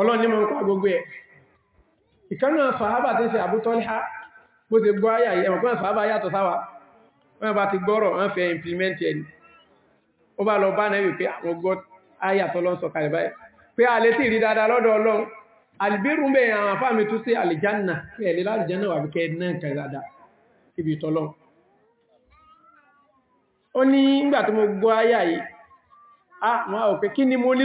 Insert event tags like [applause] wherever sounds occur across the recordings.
ọlọ́ni mọ́ ń kọ́ gbogbo ẹ̀ ìkánà sàhábà tí ṣe Abu Talha bó ṣe gbọ́ ayà yẹ mọ̀kún sàhábà yàtọ̀ sáwà wọ́n bá ti gbọ́rọ̀ wọ́n fẹ́ implement ẹni ó bá lọ bá náà wípé àwọn gbọ́ ayà tọ́lọ́ sọ kalẹ̀ báyìí pé a lè sí rí dáadáa lọ́dọ̀ Ọlọ́run alìbírù bẹ́ àwọn afá mi tún sí àlìjánà pé ẹ̀lẹ́ láàrìjánà wà bíkẹ́ náà kẹrẹ dáadáa síbi tọ́lọ́ ó ní ìgbà tó mo gbọ́ ayà ah wọ́n á wò pé kí ni mo ní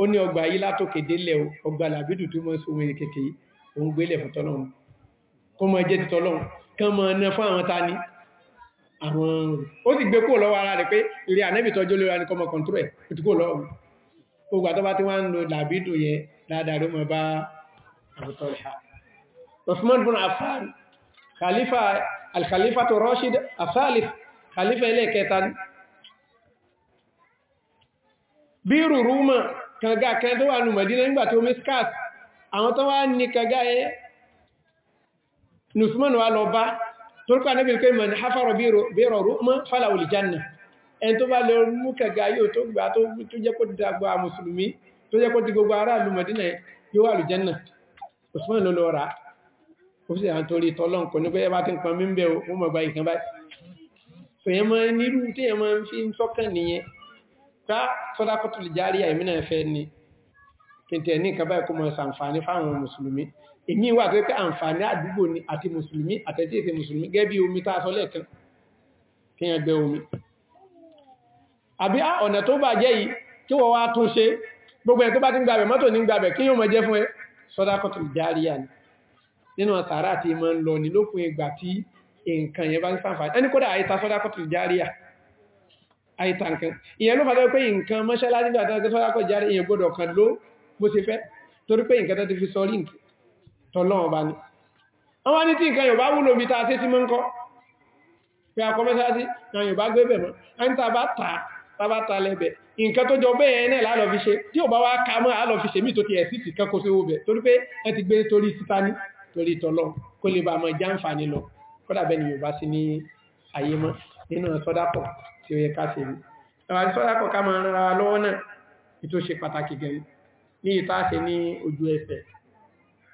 ó ní ọgbà yìí látòkè délẹ̀ ọgbà làbídù tó mọ́ sóhun èrè kéèkéé òun gbélẹ̀ fún tọ́lọ́run kó mọ́ jẹ́ ti tọ́lọ́run kán mọ́ ná fún àwọn ta ní àwọn ó sì gbé kó lọ́wọ́ ara rẹ̀ pé ilé ànẹ́bì tọ́jú lóra ní kọmọ kọ̀ntúrò ẹ̀ ó ti khalifa al-khalifa to Rashid asalif khalifa ilé kẹta bírù rúmọ̀ kànga kan tó wà nù Mẹ̀dínà nígbà tó mi skat àwọn tó wá ní kànga yẹn nùsùmọ́nù wa lọ bá torúkọ anábìrì pé mọ̀ ní háfàrọ̀ bí rọrùn mọ́ fàlàwòlì jánà ẹni tó bá lọ mú kànga yóò tó gbà tó jẹ́ kó dàgbà mùsùlùmí tó jẹ́ kó ti gbogbo ará ìlú Mẹ̀dínà yóò wà lùjánà Usman ló tá sọ́dákùtù lè járí àìmínà ẹ̀fẹ́ ni kìntẹ̀ ní kàbá ẹ̀kọ́ mọ̀ ṣàǹfààní fáwọn mùsùlùmí èyí wà tó pé àǹfààní àdúgbò ni àti mùsùlùmí àtẹ̀tí ètè mùsùlùmí gẹ́ bí omi tá sọ lẹ́ẹ̀kan kí yẹn gbẹ omi àbí ah, ọ̀nà tó bà jẹ́ yìí kí wọ́n wá tún ṣe gbogbo ẹ̀ tó bá ti ń gbàbẹ̀ mọ́tò ní gbàbẹ̀ kí yóò mọ̀ jẹ́ fún ẹ sọ́dákùtù lè járí àní nínú sàárà tí àìta nǹkan ìyẹn ló fàtọ́ pé nǹkan mọ́ṣálásí gbàtàkì tó yàkọ̀ járe èyàn gbọ́dọ̀ kan ló bó ṣe fẹ́ torí pé nǹkan tó ti fi sọ rí nǹkan tọ́lọ́wọ́ bá ní wọ́n ní tí nǹkan yóò bá wúlò bí ta ṣe tí mọ́ ń kọ́ pé akọ́ mọ́ṣálásí náà yóò bá gbé bẹ̀ mọ́ ẹni tá bá ta tá bá ta lẹ́bẹ̀ nǹkan tó jọ bẹ́ẹ̀ náà lálọ́ fi ṣe tí ò bá wá ka mọ́ àlọ́ fi ṣe mí tó ti ẹ̀ sí ti kan kó sí owó bẹ̀ torí pé ẹ ti gbé torí títa ní torí tọ́lọ́ kó lè bá mọ́ jáǹfààní lọ kódà bẹ́ẹ̀ ni yóò bá ó yẹ ká ṣe ẹwà sọ́dá kọ̀ ká máa ń ra lọ́wọ́ náà ìtò ṣe pàtàkì gẹ̀rẹ́ ní ìta ṣe ní ojú ẹsẹ̀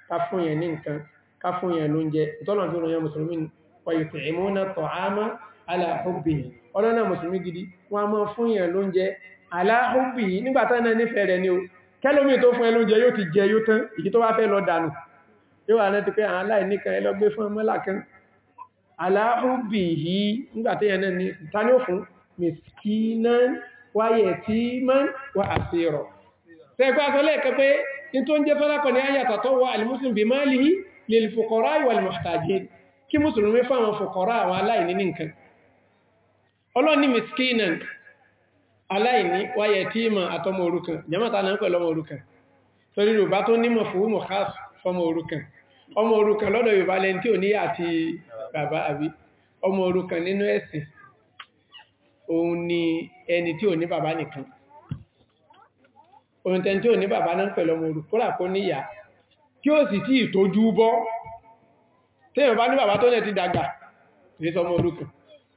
ká fún yẹn ní nǹkan ká fún yẹn lóúnjẹ ìtọ́nà tó rọyàn mùsùlùmí wọ̀nyí fún yẹn lóúnjẹ aláhùbì nígbà ni o kẹ́lómi tó fún ẹ lóúnjẹ yóò ti jẹ yóò tán ìdí tó wá fẹ́ lọ dànù yóò wà náà ti pé àwọn aláìníkan ẹlọ́gbé fún ni ta ni ó fún miskinan wa yatiman wa asira tẹ́gbà sọlẹ̀ kan pé in tó ń jẹ́ sọ́lákọ̀ ní ayà tàtọ́ wa al-muslim bi malihi lil fuqara wal muhtajin kí mùsùlùmí fáwọn fuqara àwọn aláìní ní nǹkan ọlọ́ni miskinan aláìní wa yatiman àtọmọ òrukàn jẹ́mọ́ta náà pẹ̀lú ọmọ òrukàn nínú ẹ̀sìn òun ni ẹni tí ò ní bàbá nìkan òun tẹni tí ò ní bàbá náà pẹ̀lú ọmọ olùkúrà kó níyà kí ó sì tí ìtójú bọ́ tí èyàn bá ní bàbá tó nẹ̀ ti dàgbà rí sọmọ olùkùn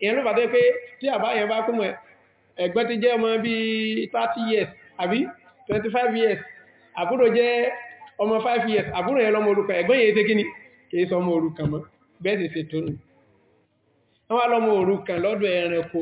èyàn ló bàtẹ́ pé years àbí 25 years years àbúrò yẹn lọmọ olùkùn ẹ̀gbọ́n yẹn tẹ́ kíní kìí sọmọ olùkùn mọ́ bẹ́ẹ̀ ẹranko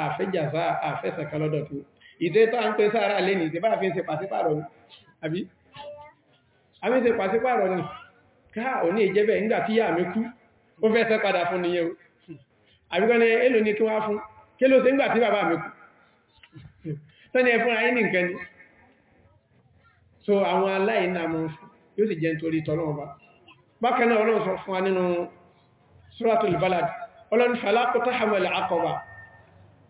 àfẹ́jàsá àfẹ́sẹ̀kan lọ́dọ̀ tó ìtẹ́ tó ń pẹ́ sára lé ní ìtẹ́bá fi ń ṣe pàṣípàrọ̀ ní àbí àmì ṣe pàṣípàrọ̀ ní káà ò ní ìjẹ́bẹ̀ nígbà tí yà mí kú ó fẹ́ sẹ́ padà fún nìyẹn àbíkọ́ ni èlò ní kí wá fún kí ló ṣe nígbà tí bàbá mi kú sẹ́ni ẹ fúnra yín nìkan ni so àwọn aláìnàmọ́ yóò sì jẹ́ nítorí tọ́lọ́ọ̀bá bákan náà ọlọ́run sọ fún wa nínú suratul balad ọlọ́run fàlákọ́tà hamal aqaba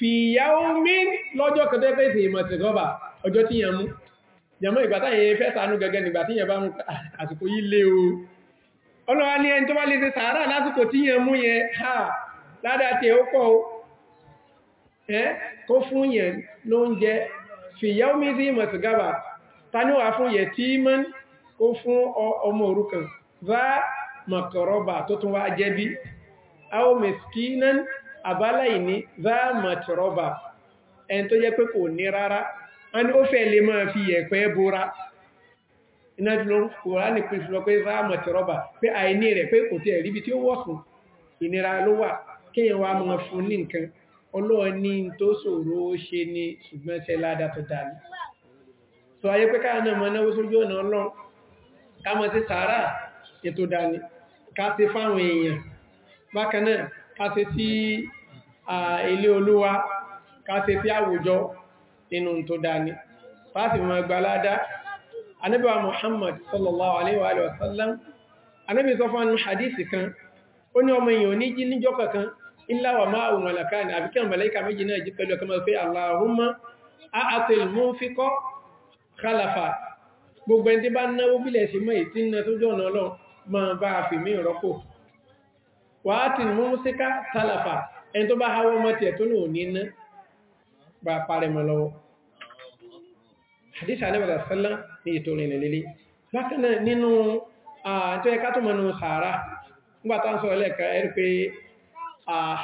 fi yaomi lọ́jọ́ kan tó yẹ pé sí ìmọ̀tì rọ́bà ọjọ́ tí yẹn mú yàmọ́ ìgbà táyẹ̀ fẹ́ sànú gẹ́gẹ́ nígbà tí yẹn bá mú ah, àsìkò yìí lé o ọlọ́wà ní ẹni tó bá lè ṣe sàárà lásìkò tí yẹn mú yẹn ha ládàá tí ó kọ́ ẹ́ kó fún yẹn ló ń jẹ fi yaomi sí ìmọ̀tì gaba taníwà fún yẹ tí mọ́ kó fún ọmọ òrukàn bá mọ̀kọ̀rọ̀bà tó tún wá jẹ́ bí àbálá ìní záàmàtìrọ́bà ẹni tó jẹ́ pé kò ní rárá wọ́n ni ó fẹ́ lè máa fi ẹ̀pẹ́ bóra iná jùlọ kòránì pín jùlọ pé záàmàtìrọ́bà pé àìní rẹ̀ pé kò tẹ́ ríbi tí ó wọ́sùn ìnira ló wà kíyàn wá máa fún ní nǹkan ọlọ́ọ̀ni tó ó ni ṣùgbọ́n ṣe ládá dání so ayé pé káà náà mọ́ náwó sójú ọ̀nà ọlọ́run ká mọ́ sí sàárà ètò dání ká sí fáwọn èèyàn bákan ká ṣe sí ilé olúwa ká ṣe sí àwùjọ nínú tó dání fásí mọ́ gbalada anábíwa muhammad sallallahu alaihi wa sallam anábí sọ fún hadisi kan ó ní ọmọ èèyàn ní níjọ́ kankan illa wa ma'u malakani àbíkẹ́ mọ̀láíkà méjì náà jí pẹ̀lú ọkọ̀mọ̀ pé allahumma a'til munfiqa khalafa gbogbo ẹni tí bá náwó bílẹ̀ sí mọ́ ìtí tó jọ́ ọ̀nà ọlọ́ ma bá fi wàátì mú síká tálàfà ẹni tó bá hawọ́ mọ́tí ẹ̀ tó ní òní iná bá parẹ́ mọ́ lọ́wọ́ hadith alẹ́bàdà sálá ní ètò rìn lélẹ́ bákanáà nínú àtọ́ ẹka tó mọ́nu sàárá nígbàtà ń sọ ẹlẹ́ẹ̀kẹ́ ẹ̀rí pé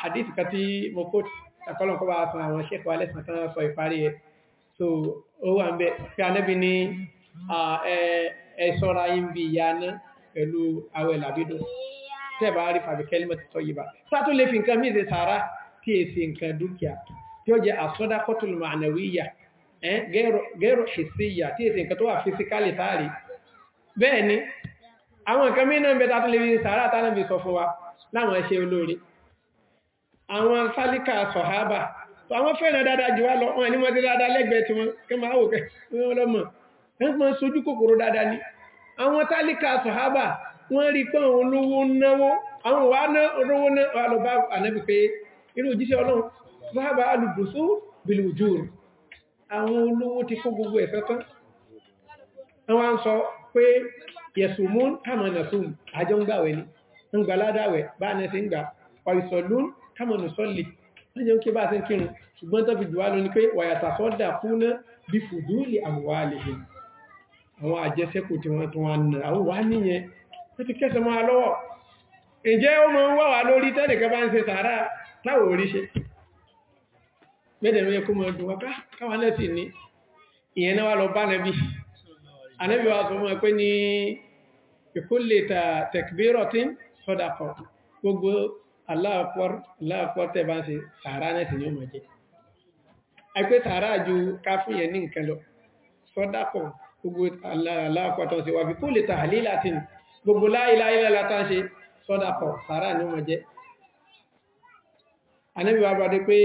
hadith kan tí mo kóòtù akọ́lọ̀kọ́ bá san àwọn ṣẹ́kọ̀ọ́ pẹ̀lú àwẹ̀ làbídùn tẹ́bà àrífà bí kẹ́límọ̀ ti tọ́ yìí bá sátó lè fi nǹkan mìíràn sàárá tí è sí nǹkan dúkìá tí ó jẹ́ àsọ́dá kọ́tùlù mànàwíyà gẹ́rọ ìsìyà tí è sí nǹkan tó wà físíkálì táàrí bẹ́ẹ̀ ni àwọn nǹkan mìíràn bẹ́ tátó lè fi sàárá tánà bí sọ fún wa láwọn ẹṣẹ́ olóore àwọn sálíkà sọ̀hábà àwọn fẹ́ràn dáadáa àwọn tálíkà sọ̀hábà wọ́n rí pé àwọn olówó náwó àwọn wà náà olówó náà lọ bá ànẹ́bì pé irú òjíṣẹ́ ọlọ́run bába alùgbòsó bìlùjú rẹ̀ àwọn olówó ti kó gbogbo ẹ̀fẹ́ tán wọ́n ń sọ pé yẹ̀sùmún kàmọ̀nàsùn àjọ ń gbàwẹ̀ ní ń gbà ládàwẹ̀ bá ní sí ń gbà ọ̀ìsọ̀lún kàmọ̀nàsọ́lì lẹ́jọ́ kí bá sí kírun ṣùgbọ́n tó fi jùwá lọ ní pé wàyàtàsọ́dà fúnná bí fùdúlì àwọ̀ àlèhìn àwọn àjẹsẹ́kù tí wọ́n tún wá nà àwọn wá níyẹn ó ti kẹsẹ̀ mọ́ alọ́wọ̀ ǹjẹ́ ó mọ́ ń wà wà lórí tẹ́lẹ̀kẹ́ bá ń ṣe sàárà táwò orí ṣe mẹ́dẹ̀mẹ́ kó mọ́ dùn wákà káwọn náà sì ní ìyẹn náà wà lọ bá nẹ́bí anẹ́bí wa sọ mọ́ pé ní ìkólè takbiratin sadaqa gbogbo Allahu akbar Allahu akbar tẹ́ bá ń ṣe sàárà náà sì ní ó mọ̀ wà fi kólè tàhálílà tì ní gbogbo láìláìlá látán ṣe sọ́dàpọ̀ sàárà ní ọmọ jẹ́ anẹ́bíwá bá dé pé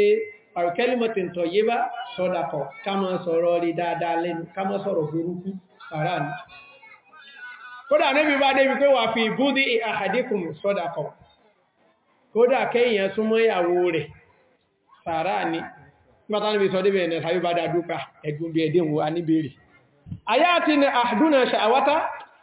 àrùkẹ́lìmọ̀tì tọ̀ yé bá sọ́dàpọ̀ kámọ́ sọ̀rọ̀ rí dáadáa lẹ́nu kámọ́ sọ̀rọ̀ burúkú sàárà ní kódà anẹ́bíwá dé wípé wà fi búdí àhàdíkùn sọ́dàpọ̀ kódà kẹ́yìn súnmọ́ ìyàwó rẹ̀ sàárà ní mátánibí sọ débẹ̀ ẹ̀nà sàyíbádà dúkà ẹ̀gùn bí ẹ̀dínwó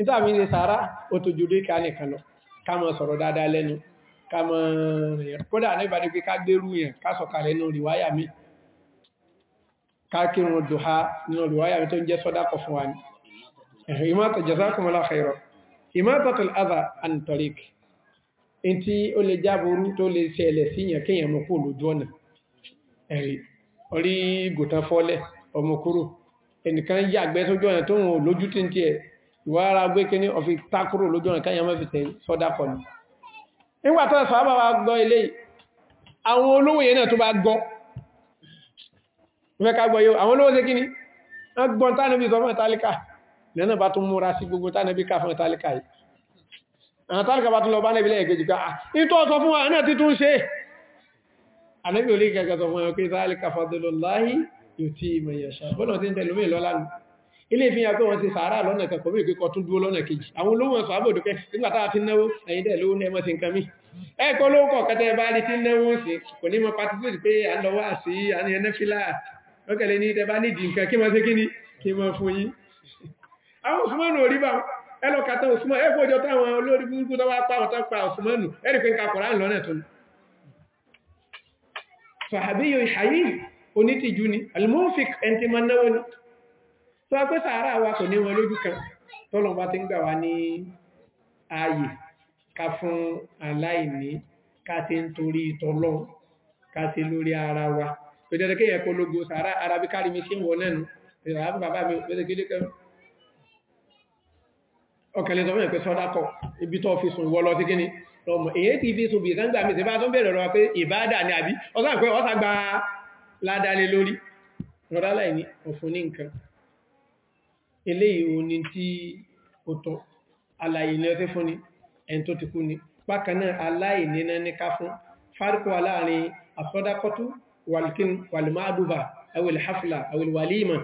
níta mi ní sàárá òtòjòdé ká nìkan lọ ká mọ sọ̀rọ̀ dáadáa lẹ́nu ká mọ rìn kódà nígbà ní pé ká gbérú yẹn ká sọ̀kalẹ̀ nínú rìwáyà mi ká kírun dùhá nínú rìwáyà mi tó ń jẹ́ sọ́dákọ̀ fún wa ni ìmọ́tọ̀ jazakumullahu khairan ìmọ́tọ̀tọ̀ adha an tariq in ẹnìkan yàgbẹ́ sójú ọ̀nà tó ń lójú tí ń tiẹ̀ ìwà ara gbé kíní ọ̀fi takúrò lójú ọ̀nà káyàn mẹ́fì tẹ̀ sọ́dá kọ̀ ní nígbà tó sàábà wa gbọ́ ilé àwọn olówó yẹn náà tó bá gbọ́ mẹ́ka gbọ́ yóò àwọn olówó ṣe kíní wọ́n gbọ́n tánàbí sọ fún ìtàlíkà lẹ́nà bá tún múra sí gbogbo tánàbí ká fún ìtàlíkà yìí àwọn tánàkà bá tún lọ bá nẹ́bí lẹ́ẹ̀kejì pé ìtọ́ sọ fún wa náà títún ṣe ànẹ́bí olè kẹkẹ sọ fún ẹ̀kẹ́ ìtàlíkà fadlullahi ilé ìfihàn pé wọ́n ti sàárà lọ́nà kan kọ̀wé ìpẹ́kọ̀ tún dúró lọ́nà kejì àwọn olówó ẹ̀sọ́ àbòdó pé nígbàtà fi náwó ẹ̀yìndẹ̀ lówó ní ẹmọ́ ti nǹkan mí ẹ̀kọ́ lówó kọ̀ kẹtẹ́ bá rí tí náwó sí kò ní mọ́ patisiti pé ni kí wọ́n fún yín àwọn òsùmọ́nù orí bá ẹlọ́kàtà òsùmọ́ ẹ̀kọ́ ìjọ táwọn olórí burúkú tó wá pa ọ̀tá pa òsùmọ́nù ẹ̀rì pé ń ka kọ̀rá lọ́nà tó a pé sàárà wa kò ní wọn lójú kan tọ́lọ̀ bá ti ń gbà wá ní ààyè ká fún aláìní ká ti ń torí tọ́lọ́ ká ti lórí ara wa tó jẹ́ kéèyàn polongo sàárà ara bí kárí mi ṣe ń wọ nẹ́nu ìrànlá fún bàbá mi pẹ́sẹ̀ gílé ni àbí ọsàn pé ọsàn gba ládálé lórí rọdálà ìní ọ̀fun ní nǹkan eléyìí o ní tí ó tọ́ aláyè ní ọfẹ́ fún ni ẹni tó ti kú ni bákanáà aláyè ní náà ní ká fún fárikọ́ aláàrin asọ́dákọ́tú walikin walimaduba awil hafla awil walima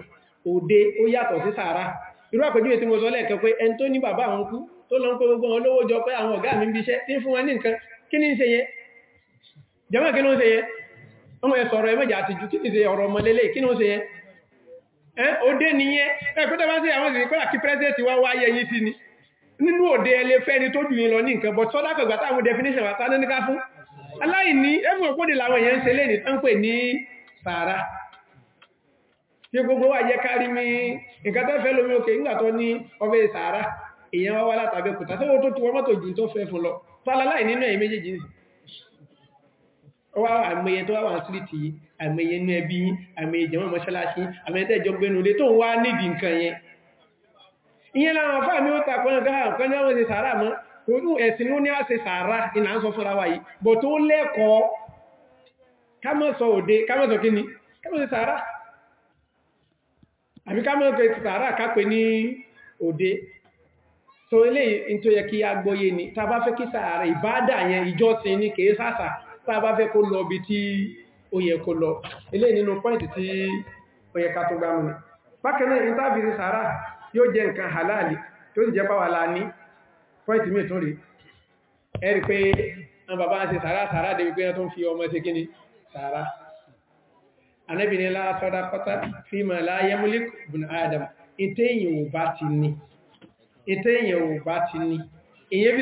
òde ó yàtọ̀ sí sàárà irú àpèjúwe tí mo sọ lẹ́ẹ̀kẹ́ pé ẹni tó ní bàbá àwọn kú tó lọ ń pé gbogbo àwọn olówó jọ pé àwọn ọ̀gá mi bí iṣẹ́ tí ń fún wọn ní nǹkan kí ní ń ṣe yẹn jẹ́mọ́ kí ní ń ṣe yẹn ọmọ ẹ̀ ẹ̀mọ́jà àtijú kí ní ń ọ̀rọ̀ ọmọ lélẹ̀ kí ní ń ṣe yẹn òde nìyẹn ẹ̀pẹ́tẹ́ bá sí àwọn ìrìn kọ́lá kí pẹ́sẹ̀tì wá wáyé yìí sí ni nínú òde ẹlẹ́ fẹ́ni tó jùyìn lọ ní nǹkan but sọ́dá kọ̀gbà táwọn definition wà tánú níká fún aláìní ẹ̀fún òpódè làwọn èèyàn ń ṣe léèdè tán pè ní sàárà tí gbogbo wà yẹ kárí mi nǹkan tó fẹ́ lómi òkè nígbà tó ní sàárà èèyàn wá wá tó tó wọ́n mọ́tò jù tó fẹ́ fún lọ aláìní wá àmẹ́yẹ tó wà sílìtì àmẹ́yẹ inú ẹbí yín àmẹ́yẹ jẹmọ́ mọ́ṣálásí àmẹ́yẹ tẹ́jọ gbẹnu lé tó ń wá nídi nǹkan yẹn ìyẹn láwọn afá mi ó takọ̀ náà gáhà ah, nǹkan ní àwọn ṣe sàárà mọ́ orú ẹ̀sìn ó ní àṣẹ sàárà ìlà ń sọ fúnra wa yìí bọ̀ ni kámọ́sọ so eléyìí tó kí agbóyé ni tá bá fẹ́ kí sàárà ìbádà yẹn ìjọsìn ní kèé sàsà tàbá fẹ́ kó lọ bí tí ó yẹ kó lọ ilé nínú pọ́ìntì tí ó yẹ ká tó gbámù ní bákanáà ìtàbírí sàárà yóò jẹ nǹkan halali tó sì jẹ pàwàlá ní pọ́ìntì mí tún rí ẹ̀rí pé àwọn bàbá ń ṣe sàárà sàárà débi pé tó ń fi ọmọ ṣe sàárà adam ìtẹ́yìn ò bá ti ní ìtẹ́yìn ò bá ti ní ìyẹ́bí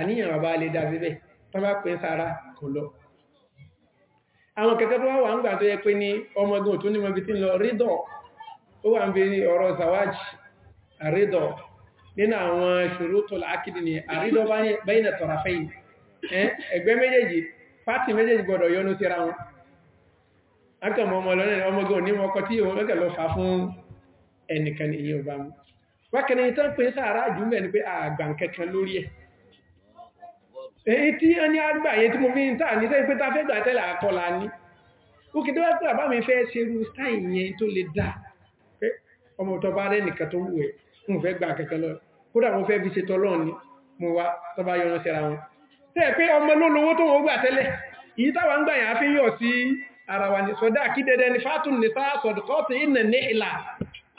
àníyàn bàbá lè dá síbẹ̀ tó bá pín sára àwọn kẹta tó wà ń gbà tó yẹ pé ní ọmọgun tó nímọ̀ bí tí ń lọ rídọ̀ ó wà ń bí ọ̀rọ̀ zawaji àrídọ̀ nínú àwọn ṣòrótò lákìdì ní àrídọ̀ báyìí tọ̀rà fẹ́yìn ẹgbẹ́ méjèèjì pàtí méjèèjì gbọdọ̀ yọnú síra wọn èyí tí a ní àgbàyẹ tí mo fi ń tàà ní sẹ́yìn pé ta fẹ́ gbà tẹ́lẹ̀ àkọlà ní òkè tó wá pẹ́ àbá mi fẹ́ ṣe irú stáì yẹn tó lè dá pé ọmọ tó bá rẹ̀ nìkan tó wù ẹ́ mo fẹ́ gbà kẹ́kẹ́ lọ kódà mo fẹ́ fi ṣe tọ́lọ́ ni mo wá tó bá yọrun síra wọn tẹ́ pé ọmọ ló lówó tó wọ́n gbà tẹ́lẹ̀ èyí táwa ń gbà yẹn àfi yọ sí ara wa ní sọdá kí dẹdẹ ni fátún ní sáà sọdùkọ́tì ìnà ní ìlà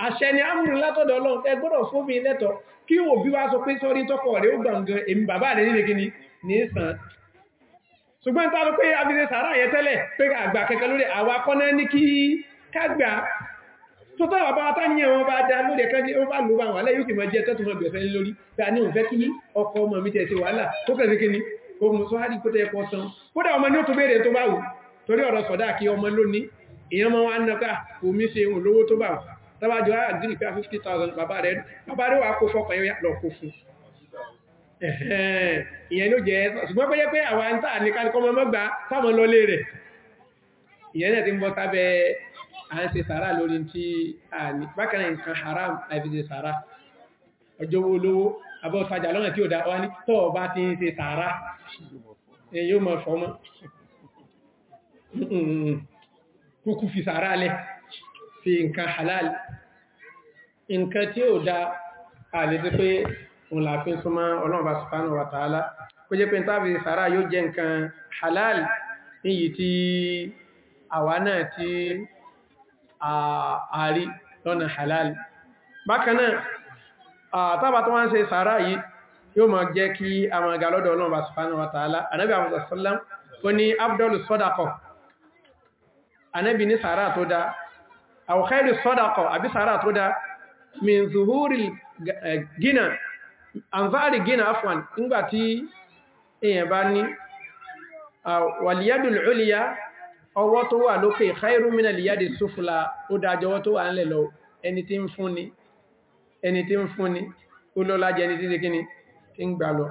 àṣẹ ni amúrin látọ̀dọ̀ ọlọ́run ẹ gbọ́dọ̀ fún mi lẹ́tọ̀ọ́ kí òbí ní ìsàn ṣùgbọ́n tàbí pé abìsẹ̀ sàárà yẹ tẹ́lẹ̀ pé àgbà kẹkẹ lórí àwa kọ́nà ní kí kágbà tó tọ́rọ bá wátá ní ẹ̀wọ̀n bá dá lórí ẹ̀kẹ́ ó bá lò bá wà lẹ́yìn tí ma jẹ́ tẹ́tù ma bẹ̀ẹ̀fẹ́ lórí bá ní òun fẹ́ kí ọkọ̀ ọmọ mi tẹ̀ẹ̀ṣẹ̀ wàhálà ó kẹ̀sẹ̀ kí ni ó mú sọ hádìí kótẹ́ ẹ̀kọ́ san kódà ọmọ ní ó tó béèrè tó bá ìyẹn ló jẹ́ ṣùgbọ́n pẹ́jẹ́ pé àwọn àǹtà ní kálùkọ́mọ mọ́gbà sáwọn lọlé rẹ̀ ìyẹn náà ti ń bọ́ sábẹ́ à ń ṣe sàárà lórí tí a ní bákanáà nǹkan haram àìfíṣe sàárà ọjọ́ owó olówó abọ́ sájà lọ́nà tí ó dá wá ní tọ́ ọba ti ń ṣe sàárà èyí ó mọ̀ fọ́mọ́ kúkú fi sàárà lẹ̀ fi nǹkan halal nǹkan tí ó dá àlè òun la fi ń súnmọ́ ọlọ́run bá subhanahu wa ta'ala kó jẹ́ pé ń tàbí sàárà yóò jẹ́ nǹkan halal níyí tí àwa náà tí àárí lọ́nà halal bákanáà tàbà tó wọ́n ń ṣe sàárà yìí yóò máa jẹ́ kí a máa ga lọ́dọ̀ ọlọ́run bá subhanahu wa ta'ala anábì àwọn min zuhuril eh, gina àǹfààrí gínà afwan nígbàtí èyàn bá ní wàlìyàdùl ulya ọwọ́ tó wà lókè khairu min aliyadi sufla ó dájọ́ ọwọ́ tó wà nílẹ̀ lọ ẹni tí ń fúnni ẹni tí ń fúnni ó lọ́lá jẹ ẹni tí ṣe kíni tí ń gbà lọ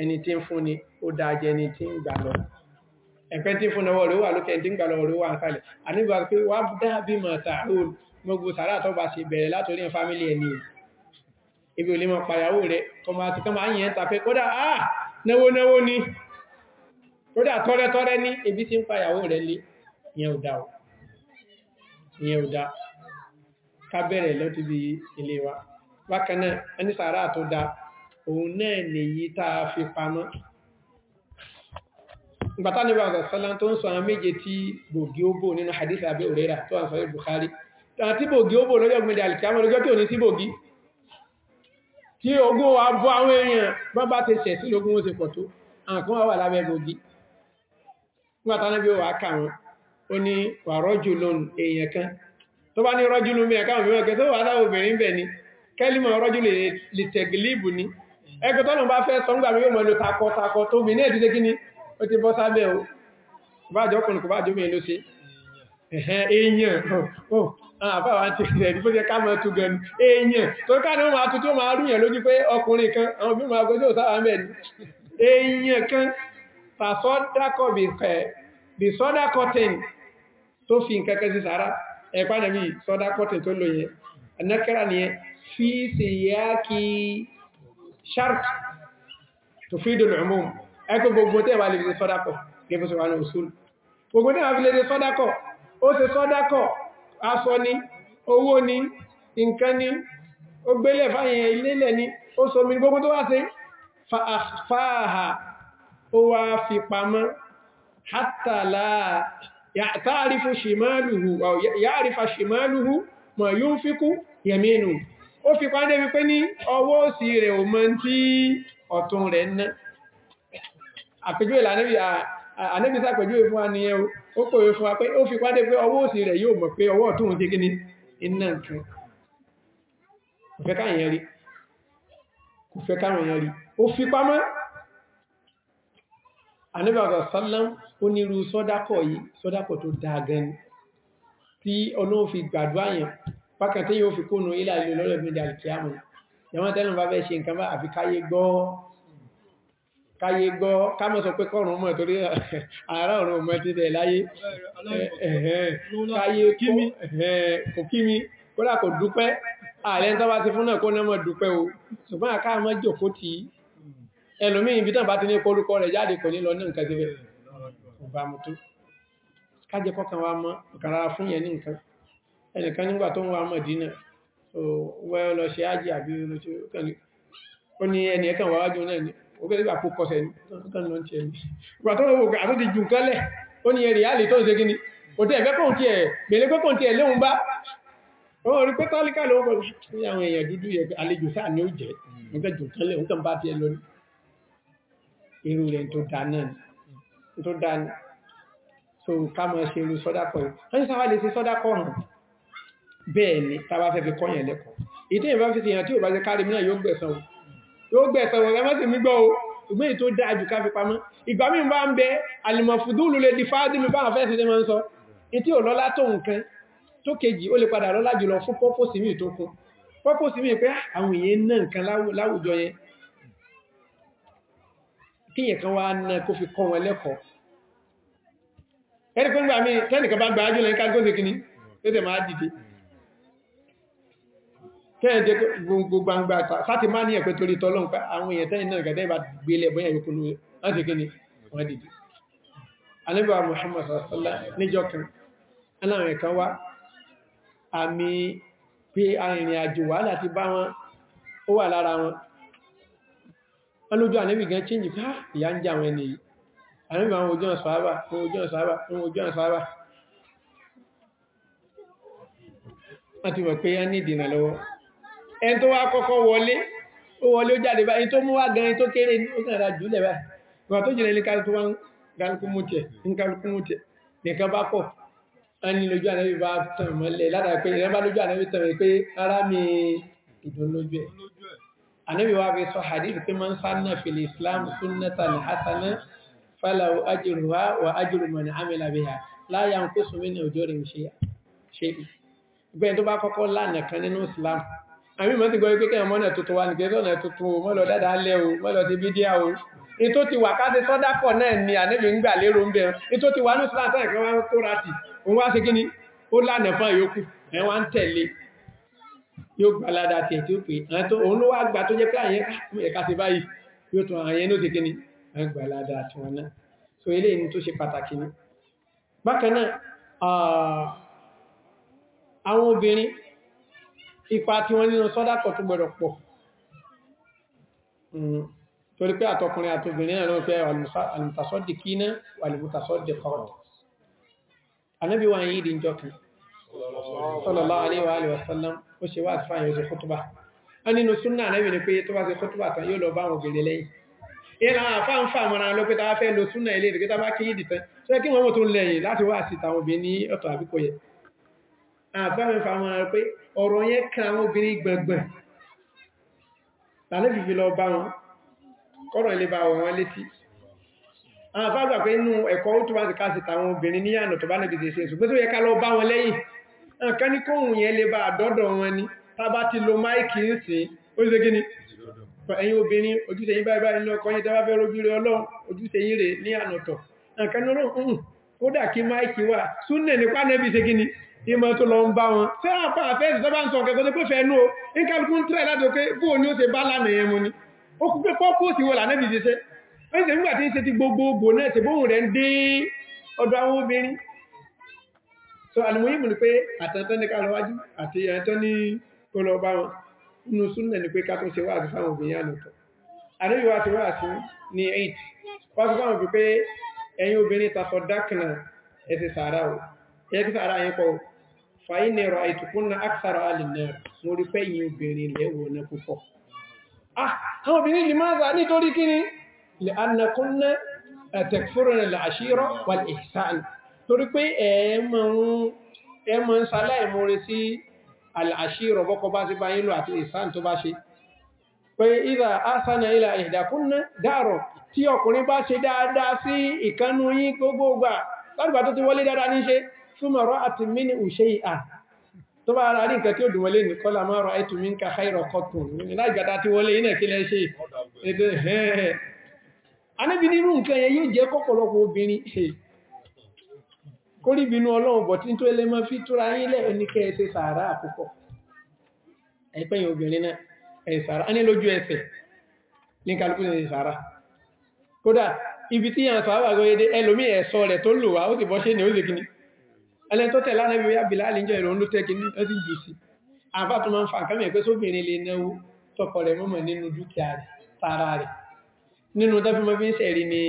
ẹni tí ń fúnni ó dájẹ́ ẹni tí ń gbà lọ ẹ̀pẹ́ tí ń fún ọwọ́ rẹ̀ wà lókè ẹni tí ń gbà lọ rẹ̀ wà nísàlẹ̀ àníbà pé wà dábì mọ̀ tààrùn gbogbo sàrà tó bá ṣe bẹ̀rẹ̀ látòrí fámílì ẹni ibi olè máa pàyàwó rẹ̀ kọmọ àti kọmọ àyíyàn tàfẹ́ kódà àà ah, náwó náwó ní kódà tọ́rẹ́tọ́rẹ́ ní ibi tí ń pàyàwó rẹ̀ lé ìyẹn ò dá ká bẹ̀rẹ̀ lọ́tí bí ilé wa bákanáà ẹni sàárà tó dá òun náà nìyí tá a fi pamọ́ ìgbàtà níbi àwọn ọ̀sánlá tó ń sọ àwọn méje tí bògì ó bò nínú hadith Abi Hurairah tó wà sọ Bukhari tí bògì ó bò lọ́jọ́ gbẹ̀dẹ̀ alìkíyàmọ́ lọ́jọ́ tí ò ní sí bògì tí ogún wa bọ́ àwọn èèyàn bá bá ti ṣẹ̀ sí lógún oṣù pọ̀ tó àǹkan wà lábẹ́ gbògi nígbàtánà bí ó wà ká wọn ó ní wà rọ́jù lónù èèyàn kan tó bá ní rọ́jù lónù mẹ́ẹ̀ká wọn mẹ́wọ́n kẹtọ́ wà láwọn obìnrin bẹ̀ ni kẹ́límọ̀ rọ́jù lè tẹ̀gìlìbù ni ẹgbẹ́ tọ́nà bá fẹ́ sọ ń gbà mí yóò mọ̀ lo takọtakọ tó mi ní ẹ̀dídé kíní ó ti bọ́ sábẹ́ o kò bá jọkùnrin kò bá jọmọ èèyàn ló ṣe èèyàn àbáwá ah, ti ẹ̀dí bó ṣe ká mọ́ tún gan èèyàn tó ká ní wọ́n máa tuntun máa rúyàn lójú pé ọkùnrin kan àwọn bí máa gọ́jọ́ sáwà ń bẹ̀ ní èèyàn kan fàṣọ́dákọ̀ bí sọ́dákọ̀tìn tó fi nǹkan kan sí sára ẹ̀pá nàbí sọ́dákọ̀tìn tó lò yẹn anákẹ́rà nìyẹn fi ṣe yá kí sharp tó fi dùn ọmọ ẹkọ gbogbo tẹ́ wà lè fi sọ́dákọ̀ gẹ́gẹ́ sọ́dákọ̀ ó ṣe sọ́dákọ̀ aṣọ ni owó ni nǹkan ni ó gbélẹ̀ fáyẹ̀ ilélẹ̀ ni ó somi gbogbo tó wá sí fàáhà ó wá fi pamọ́ hátàlá yàtàrífà ṣìmáàlùhù mọ̀ yóò fíkú yẹ̀mínú ó fi ànẹ́bí sàpẹ̀júwe fún wa nìyẹn ó pèwé fún wa pé ó fi pàdé pé ọwọ́ òsì rẹ̀ yóò mọ̀ pé ọwọ́ ọ̀tún ṣe kíní iná nǹkan kò fẹ́ káwọn èèyàn rí kò fẹ́ káwọn èèyàn rí ó fi pamọ́ ànẹ́bí sàlám ó ní irú sọ́dákọ̀ yìí sọ́dákọ̀ tó dáa tí ọlọ́run káyé gọ́ kámọ́ sọ pé kọ́rùn mọ̀ torí [laughs] ara ọ̀rọ̀ mọ̀ ti tẹ̀ láyé káyé kò kí mi kódà kò dúpẹ́ ààrẹ tó bá ti fún náà kó náà mọ̀ dúpẹ́ o ṣùgbọ́n àká mọ́ jòkó tí ẹlòmí ibi tán bá ti ní kórúkọ rẹ̀ jáde kò ní lọ ní nǹkan síbẹ̀ ìbámutú kájẹ kọ́kàn wa mọ́ ìkàrà fún yẹn ní nǹkan ẹnìkan nígbà tó ń wa mọ̀ dínà wẹ́ lọ ṣe ájì àbí ó ní ẹnì ẹ̀kan wáwájú náà ni ó fẹ́ sígbà kó kọsẹ̀ ní ọ̀tọ́n lọ ti ẹni ìgbà tó lọ́wọ́ àtó ti jù nǹkan lẹ̀ ó ní ẹ̀rì àlè tó ń ṣe gíní kò tẹ́ ẹ̀fẹ́ kóhun ti ẹ̀ mẹ́lẹ́ pé kóhun ti ẹ̀ léhun bá wọ́n rí pé tálíkà lọ́wọ́ pẹ̀lú ní àwọn èèyàn dúdú yẹ àlejò sáà ni ó jẹ́ nǹkan jù nǹkan da náà tó da ní so ká mọ̀ ṣe irú sọ́dákọ̀ yìí wọ́n ní sáwá lè ṣe sọ́dákọ̀ hàn bẹ́ẹ̀ ni tá a bá fẹ́ fi yóò gbẹ̀sẹ̀ wọn ẹmọ́sì mi gbọ́ o ṣùgbọ́n èyí tó dáa jù ká fi pamọ́ ìgbà mi bá ń bẹ alìmọ̀fùdúlù lè di fáádìmù bá àwọn fẹ́sẹ̀ máa ń sọ ìtí ò lọ́lá tó nǹkan tó kejì ó lè padà lọ́lá jùlọ fún pọ́pọ́sì mi tó kún pọ́pọ́sì mi pé ah, àwọn èèyàn ná nǹkan láwùjọ yẹn kíyàn kan wá ná kó fi kọ́ wọn lẹ́kọ̀ọ́ ẹ̀rí pé ń gbà mí tẹ́nìkan bá gbà ájúlẹ̀ ń ká gósìkíní ló tẹ̀ máa dìde kẹ́ẹ̀dẹ́ gbogbo gbangba sáti máa ní ẹ̀pẹ́ torí tọ́lọ́n pé àwọn èèyàn tẹ́yìn náà gẹ̀dẹ́ ìbá gbélẹ̀ bóyá ìkúlù láti kí ni wọ́n dìde. alẹ́bàá Muhammad sallá níjọ kan aláwọn ẹ̀ka wá àmì pé arìnrìn àjò wà láti bá wọn ó wà lára wọn ọlójú ànẹ́bì gan chíǹjì ká ah, ìyá ń jà wọn ẹni yìí pé a ní ìdènà lọ́wọ́ ẹni tó wá kọ́kọ́ wọlé ó wọlé ó jáde báyìí tó mú wá gan tó kéré ní ọkàn rà jùlẹ̀ báyìí wà tó jìnà ní kálukú wọn kálukú mú tiẹ̀ ní kálukú mú tiẹ̀ nìkan bá pọ̀ ẹni lójú ànábì bá tàn mọ́lẹ̀ ládàá pé ìrẹ́bá lójú ànábì tàn pé ara mi ìdùn ẹ̀ ànábì wá fi sọ hadith pé man sanna fil islam sunnatan hasana falahu ajruha wa ajru man amila biha la yanqusu min ujurihim shay'an ṣe ìgbẹ́ni tó islam àmì mọ́ ti gbọ́ pé kẹ́yàn mọ́nà tuntun wa nìkẹ́ sọ́nà tuntun mọ́lọ dáadáa lẹ́ o mọ́lọ ti bídíà o ní tó ti wà káṣe sọ́dápọ̀ náà ni ànẹ́bì ń gbà lérò ń bẹ̀ ní tó ti wà ní ni ó lànà fún ìyókù ẹ̀ wá ń tẹ̀lé yóò gbà ládà tẹ̀ tí ó pè àwọn tó òun ló wá gbà tó jẹ́ pé àyẹn ah, ẹ̀ka ṣe báyìí yóò tún àyẹn ni ipa tí wọ́n nínú sọ́dákọ̀ tó gbọ́dọ̀ pọ̀ hmm, torí pé àtọkùnrin àtobìnrin náà ló fẹ́ alìmùtàsọ́dì kíná alìmùtàsọ́dì kọ́ọ̀tù anábí wa yìí dín jọkàn sallallahu alaihi wa sallam ó ṣe wá fáyẹ̀ oṣù kútùbà a nínú súnnà anábí ni pé tó bá ṣe kútùbà tán yóò lọ bá wọn gbèrè lẹ́yìn ìlà àfáǹfà mọ́ra ló pé ta fẹ́ lo súnnà ilé ìdíkẹ́ta àbámẹ́fà wọn pé ọ̀rọ̀ yẹn kan àwọn obìnrin gbọ̀ngbọ̀n tàlẹ́ fìfì lọ bá wọn kọ́rọ̀ ilé bá wọn létí àwọn àbágbà pé inú ẹ̀kọ́ tó bá ti ká sí tàwọn obìnrin níyànà tó bá lẹ́bí ti ṣe ṣùgbọ́n tó yẹ ká lọ bá wọn lẹ́yìn nǹkan ní kóhùn yẹn lè bá àdọ́dọ̀ wọn ni tábá ti lo máìkì ń sìn ó ṣe gíní ẹ̀yin obìnrin ojúṣe yín kódà kí máìkì wà súnẹ̀ nípa nẹ́bí ṣe gíní ìmọ̀ tó lọ ń bá wọn tí a pa àfẹ́sì tọ́bá ń sọ ọ̀kẹ́kọ́ tó pé fẹ́ ní o ní kálùkù ń tẹ́rẹ̀ láti òkè bóò ní ó ṣe bá lánàá mú ní ó kú pé pọ́pọ́sì wọ́n lànẹ́bì ṣe ṣe ó sì nígbà tí ń ṣe ti gbogbogbò náà ṣe bóhùn rẹ̀ ń dé ọ̀dọ̀ àwọn obìnrin so alimoyimu ni pé àtẹ́tọ́ ní kálọ́wájú àti ẹ̀tọ́ ní kọlọ bá wọn nínú súnlẹ̀ ni pé ká tó ṣe wá àti fáwọn obìnrin àlọ́tọ̀ àdébí wá ti wá sí ní 8 wá sí fáwọn pé ẹ̀yin obìnrin tàfọ̀ dákìnà ẹ̀sẹ̀ sàárà ò ẹ̀yẹ́kí sàárà yẹn pọ̀ fàyínì rọ̀ àìtùkúnnà àkṣàrà alìnà mo rí pẹ́yìn obìnrin lẹ́wọ̀ ní púpọ̀. Ah, àwọn obìnrin lè máa zà nítorí kíni lè annakúnnà àtẹ̀kfúrùn làṣírọ̀ wà ìsàn torí pé ẹmọ ń sáláì mo rí sí àṣírọ̀ bọ́kọ bá ìsàn tó bá pé ìdà súnmọ̀ rọ́ àti mínú òṣè ìhà tó bá ara rí nǹkan tí ó dùn wọlé ní kọ́lá máa rọ̀ àìtù mí ń ka ṣáìrọ̀ kọtùn láìgbàtà tí wọlé iná kí lẹ́ṣe ètò ẹ̀ẹ́ anábi nínú nǹkan yẹn yóò jẹ́ kọ́pọ̀lọpọ̀ obìnrin kórí bínú ọlọ́run bọ̀ tí tó ẹlẹ́ máa fi túra yín lẹ́ oníkẹ́ ẹsẹ̀ sàárà púpọ̀ ẹ̀pẹ́yìn obìnrin náà ẹ̀ sàárà á ní lójú ẹsẹ̀ ní kálukú ẹlẹ́ tó tẹ̀lá nẹ́bí wíyá bìlá àlíjọ ìrọ̀ ló tẹ́kì ní ọdí jù sí àfá tó máa ń fa àkámẹ̀ pé sóbìnrin lè náwó tọkọ rẹ̀ mọ́mọ̀ nínú dúkìá rẹ̀ tara rẹ̀ nínú dáfímọ́ fi ń sẹ̀rí ni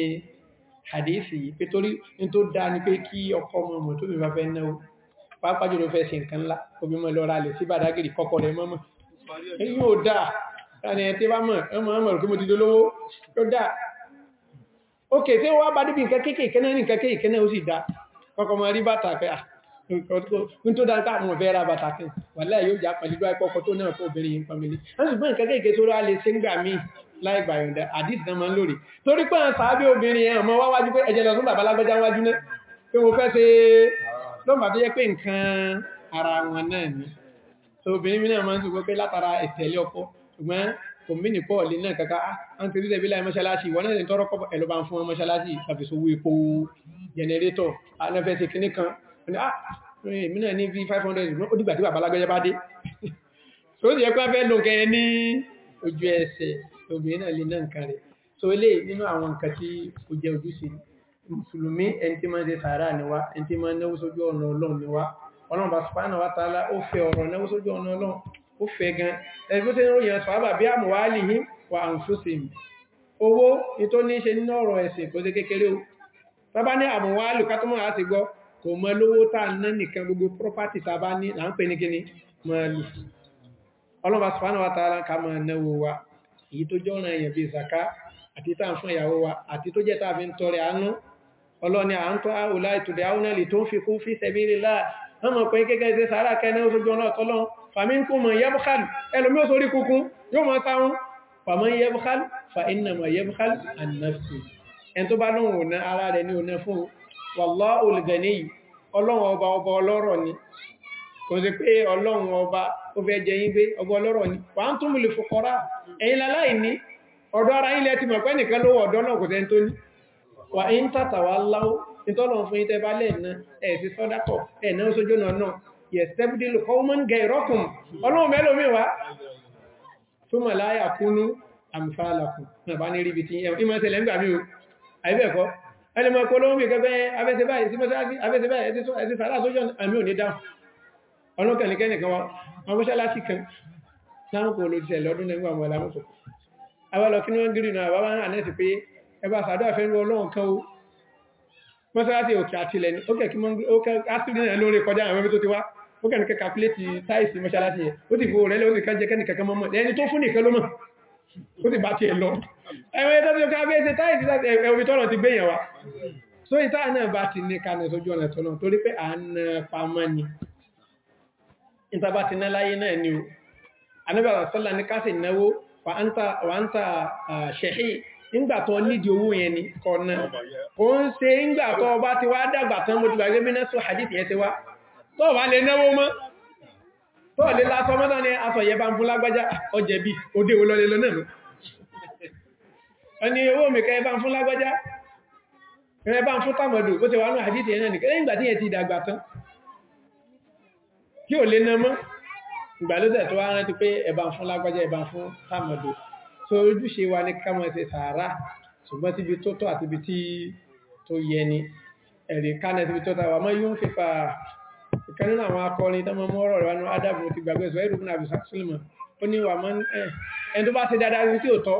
hadisi pé torí ní tó dáa ni pé kí ọkọ mọ̀mọ̀ tó bí bá fẹ́ náwó pàápàá jùlọ fẹ́ ṣe nǹkan ńlá omi mọ́ lọ́ra lè sí bàdágìrì kọkọ rẹ̀ mọ́mọ̀ èyí ò dáa nítorí dáa káà wọn fẹ́ ra bàtà kan wàlá yóò jà pẹ̀lú ìgbà ìpọ̀kọ̀ tó náà fún obìnrin yìí pàmìlì wọ́n sì gbọ́n nǹkan kéèkéé tó rá lè ṣe ń gbà míì láì gbàyọ̀ǹda àdìsí náà máa ń lórí torí pé sàábé obìnrin ẹ̀ ọmọ wáwájú pé ẹ̀jẹ̀ lọ fún bàbá lágbẹ́já wájú náà pé mo fẹ́ ṣe lọ́mà tó yẹ pé nǹkan ara wọn náà ni so obìnrin náà máa ń sọ pé látara ìtẹ̀lé ọkọ ṣùgbọ́n kò mí nìpọ̀ lè náà kaka án ti ah, ríṣẹ́ bí láì mọ́ṣáláṣí wọ́n náà lè tọ́rọ kọ́ ẹ̀lọ́bà èmi náà ní five hundred ó dìgbà tí bàbá alágbẹ́jẹ́ bá dé so [laughs] ó sì yẹ pé fẹ́ lò kẹrin ní ojú ẹsẹ̀ obìnrin náà lè ná nǹkan rẹ̀ so ilé nínú àwọn nǹkan tí kò jẹ ojúṣe mùsùlùmí ẹni tí máa ń ṣe sàárà ni wá ẹni tí máa ń náwó sójú ọ̀nà ọlọ́run ni wá ọlọ́run bá sùpánà wá tààlà ó fẹ́ ọ̀rọ̀ náwó sójú ọ̀nà ọlọ́run ó fẹ́ gan ẹni tó ṣe ń ròyìn sàábà bí àmúwálì yìí wà àǹfúsìm owó ní tó ní ṣe o bábá ní àmúwálì kò mọ lówó tá ná nìkan gbogbo property tá bá ní là ń pè ní kíní mọ́ lù ọlọ́ba sùpánà wa tààrà ká mọ́ náwó wa èyí tó jọ́ràn èèyàn bíi zaka àti tá ń fún ìyàwó wa àti tó jẹ́ tá fi ń tọrẹ àánú ọlọ́ni à ń tọ́ àwòlá ìtòdẹ̀ àwọnàlì tó ń fi kún fi sabilillah fa innama yẹ́bùkál an nafsi ẹn tó bá lóhun òun ara rẹ̀ ní òun fún wallahu al-ghani ọlọ́run ọba ọba ọlọ́rọ̀ ni kò sí pé ọlọ́run ọba ó fẹ́ jẹ yín gbé ọba ọlọ́rọ̀ ni wa antumul fuqara ẹ̀yin láláìní ọ̀dọ̀ ara yín lẹ ti mọ̀ pé nìkan lówó ọ̀dọ̀ náà kò tẹ́ni tó ní wa in tatawallaw ìtọ́lọ̀n fún ìtẹ́bá lẹ́ẹ̀ná ẹ̀sí sọ́dápọ̀ ẹ̀nà oṣójó náà náà yẹ̀stẹ́bùdílù qawman ghayrakum ọlọ́run mẹ́lòmí wá thumma la yakunu amthalakum ẹlẹ́mọ̀ kọlọ́mì gẹ́gẹ́ abẹ́sẹ̀ báyìí sí mọ́sálásí abẹ́sẹ̀ báyìí ẹ̀sì sàrá sójú àmì òní dáhùn ọlọ́kẹ̀lẹ́kẹ́nìkan wa wọ́n mọ́sálásí kan láwọn kò lòdìsẹ̀ lọ́dún nígbà mọ́ lámọ́sọ̀ awọ́lọ̀ kí wọ́n gírí náà wọ́n ànẹ́sì pé ẹbá sàdọ́ àfẹ́rú ọlọ́run kan ó mọ́sálásí òkè àti ilẹ̀ ní ókè kí wọ́n lórí kọjá àwọn ẹbí tó ti wá ó kẹ́ nìkan kàkúlẹ́tì táìsì mọ́sálásí yẹn ó ẹ̀wọ̀n tó ti kábíyèsí táìsí láti ẹ̀wọ̀n tọ́lọ̀ ti gbéyàn wa so ìta náà bá ti ní kanẹ̀ sójú ọ̀nà tọ́lọ̀ torí pé à ń pamọ́ ni ìta bá ti ná láyé náà ni o anábàrà sọ́là ní ká sì náwó wà ń ta ṣẹ̀hí nígbà tó nídi owó yẹn ni kọ̀ọ̀nà kò ń ṣe nígbà tó bá ti wá dàgbà tán mo ti gbàgbé bí náà sọ hadith yẹn ti wá tó bá lè náwó mọ́ tó lè lásọ mọ́tàn ní aṣọ yẹ bá ń fún lágbájá ọjẹ̀bí òde òlọlẹ́lọ náà ẹni owó mi kẹ́ bá ń fún lágbájá ẹ bá ń fún tàmọ̀dù bó ṣe wà ní àdíṣe ẹ̀nà nìkan lẹ́yìn ìgbà tí yẹn ti dàgbà tán kí ò lè ná mọ́ ìgbà ló tẹ̀ tó wá rántí pé ẹ bá ń fún lágbájá ẹ bá ń fún tàmọ̀dù so ojúṣe wa ní ká má ṣe sàárà ṣùgbọ́n síbi tó tọ́ àti ibi tí tó yẹ ni ẹ̀rí kánẹ̀ síbi tó ta wà mọ́ yóò fi pa ìkan nínú àwọn akọrin tó mọ́ mọ́rọ̀ rẹ̀ wánú ádàbùn ti gbàgbé ìṣòwò ẹ̀rù fún àbùsà sílùmọ̀ ó ní wà mọ́ ẹni tó bá ṣe dáadáa sí tí ò tọ́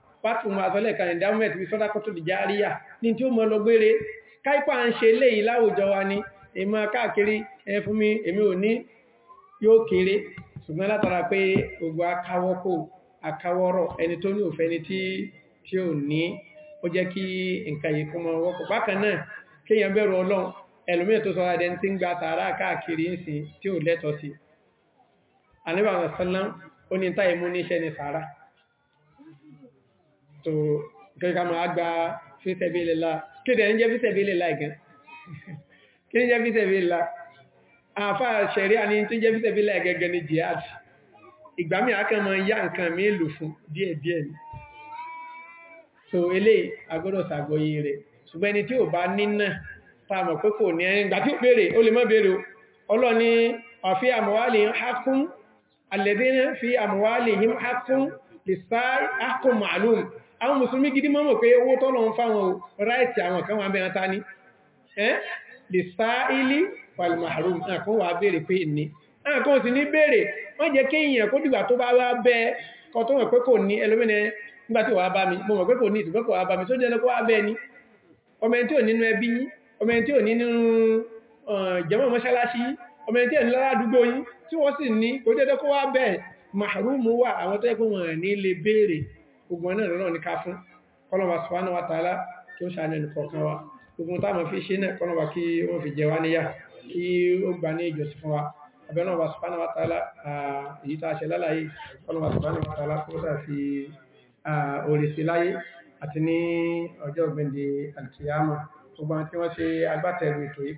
pàtí wọn àtọ́lẹ̀ kan endowment bí sọ́dákọ́ tó di járíyà ní tí ó mọ́ lọ gbére káípa ń ṣe lè yìí láwùjọ wa ni èmọ́ káàkiri ẹ fún ò ní yóò kéré ṣùgbọ́n látara pé gbogbo akáwọ́kò akáwọ́rọ̀ ẹni tó ni tí ò ní ó jẹ́ kí nǹkan yìí kó mọ́ wọ́pọ̀ bákan náà kéèyàn bẹ̀rù ọlọ́run ẹlòmíì tó sọ́ra dẹni tí ń gba tààrà káàkiri ń sìn tí ò lẹ́tọ̀ọ́ sí ni sàárà so kẹ́kẹ́ máa gba fíṣẹ̀bílélà kéde ẹni jẹ́ fíṣẹ̀bílélà ìgán [laughs] kí ní jẹ́ fíṣẹ̀bílélà àfà ṣẹ̀ríà ní tó jẹ́ fíṣẹ̀bílélà gẹ́gẹ́ ní jihad ìgbàmí àkànmọ́ yá nǹkan mi lò fún díẹ̀díẹ̀ ni so eléyìí agbọ́dọ̀ ṣàgbọ́yé rẹ̀ ṣùgbọ́n ẹni tí ò bá nínà pàmọ̀ pé kò ní ẹni gbà tí ó béèrè ó lè mọ́ béèrè ọlọ́ni ọ̀fí àmúwálì hákún alladhina fi àmúwálì him hákún lè sáàrí akọ màálùm àwọn mùsùlùmí gidi mọ́mọ̀ pé owó tọ́lọ ń fáwọn ráìtì àwọn kan wà mẹ́rin ta ní lè sáàílì palmarum àkọ́ wà bèèrè pé ní àkọ́ sí ní bèèrè wọ́n jẹ́ kí èyàn kó dìgbà tó bá wá bẹ́ kọ tó mọ̀ pé kò ní ẹlòmínẹ nígbàtí wà bá mi mo mọ̀ pé kò ní ìtùgbẹ́ bẹ́ẹ̀ mahrumu wà àwọn tó ẹgbẹ́ wọn ní lè béèrè gbogbo náà lọ́nà ní ká fún kọlọ̀wà subhanahu wa ta'ala kí ó ṣàánẹ́ nìkọ̀ọ̀kan wa gbogbo táàmà fi ṣe náà kọlọ̀wà kí wọ́n fi jẹ wá níyà kí ó gbà ní ìjọsìn fún wa abẹ́nàwà subhanahu wa ta'ala èyí tàà ṣe lálàyé kọlọ̀wà subhanahu wa ta'ala kó tà fi òrèsè láyé àti ní ọjọ́ ọ̀gbẹ̀ndẹ̀ alkiyama gbogbo àwọn